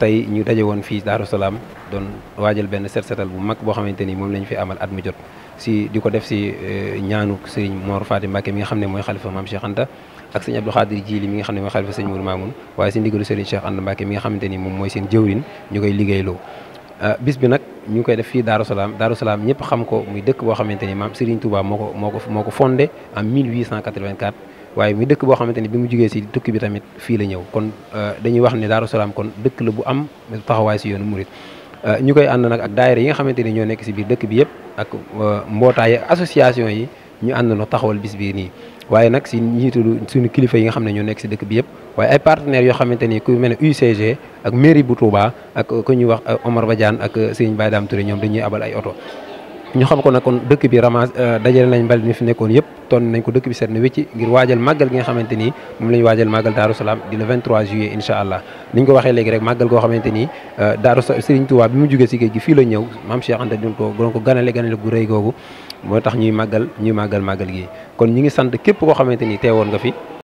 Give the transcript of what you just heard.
tey ñu daje woon fii Daaru Salaam doon waajal benn set setal bu mag boo xamante ni moom lañ fi amal at mu jot si di ko def si eh, ñaanu sëriñ Mor Faty Mbacké mi nga mooy xalifa maam Cheikh Anta mi nga xam ne mooy xalifa sëriñ Mourou Mamoun waaye si ndigalu sëriñ Cheikh Anta Mbacké nga xamante ni moom mooy seen jëwrin ñu koy liggéeyloo eh, bis bi nag ñu koy def fii Daaru Salaam Daaru Salaam ñëpp xam ko muy dëkk boo xamante ni maam Serigne Touba moo ko moo ko moo ko fondé waaye muy dëkk boo xamante ni bi mu jógee si tukki bi tamit fii la ñëw kon euh, dañuy wax ne Daaru Salaam kon dëkk la bu am taxawaay si yoonu murit euh, ñu koy ànd nag ak daayira yi nga xamante ni ñoo nekk si biir dëkk bi yëpp ak euh, mbootaay association yi ñu ànd na taxawal bis bii nii waaye nag si njiitu suñu kilifa yi nga xam ne ñoo nekk si dëkk bi yëpp waaye ay partenaires yoo xamante ni ku mel ne UCG ak mairie bu Touba ak ku ñuy wax Omar Badiane ak Serigne Baye Dame ñoom dañuy abal ay oto ñu xam ko nag kon dëkk bi ramas euh, dajale nañ mbalit mi fi nekkoon yëpp ton nañ ko dëkk bi seet na wécci ngir waajal màggal gi nga xamante nii moom la ñu waajal màggal Daaru Salaam di le 23 juillet incha allah ni ñu ko waxee léegi rek màggal goo xamante nii euh, Daaru Sëriñ Tuubaa bi mu jógee si géej gi fii la ñëw maam Cheikh Anta doon ko doon ko ganale ganale gu rëy googu moo tax ñuy màggal ñuy màggal màggal gi kon ñu ngi sant képp koo xamante ni teewoon nga fi